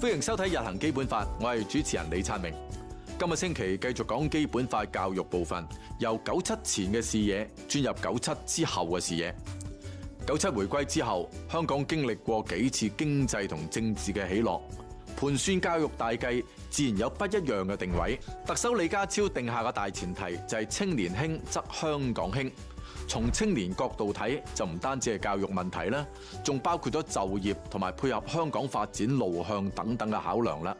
歡迎收睇《日行基本法》，我係主持人李燦明。今日星期繼續講基本法教育部分，由九七前嘅視野轉入九七之後嘅視野。九七回歸之後，香港經歷過幾次經濟同政治嘅起落。盤算教育大計，自然有不一樣嘅定位。特首李家超定下嘅大前提就係青年興，則香港興。從青年角度睇，就唔單止係教育問題啦，仲包括咗就業同埋配合香港發展路向等等嘅考量啦。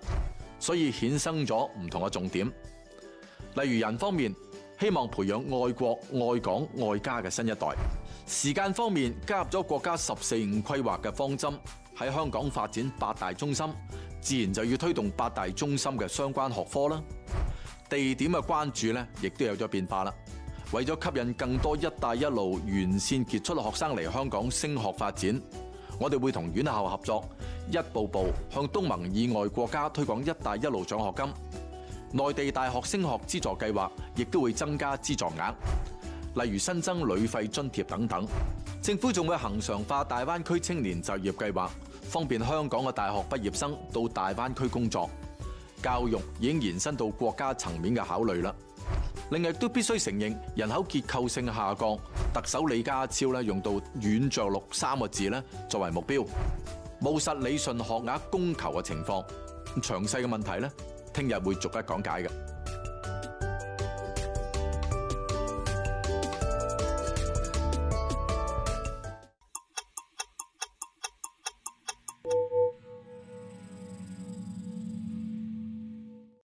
所以衍生咗唔同嘅重點，例如人方面，希望培養愛國、愛港、愛家嘅新一代。時間方面，加入咗國家十四五規劃嘅方針，喺香港發展八大中心，自然就要推動八大中心嘅相關學科啦。地點嘅關注咧，亦都有咗變化啦。為咗吸引更多一帶一路沿線傑出嘅學生嚟香港升學發展，我哋會同院校合作，一步步向東盟以外國家推廣一帶一路獎學金，內地大學升學資助計劃亦都會增加資助額。例如新增旅費津貼等等，政府仲會恆常化大灣區青年就業計劃，方便香港嘅大學畢業生到大灣區工作。教育已經延伸到國家層面嘅考慮啦。另外都必須承認人口結構性下降，特首李家超咧用到軟着陸三個字咧作為目標，務實理順學額供求嘅情況。詳細嘅問題咧，聽日會逐一講解嘅。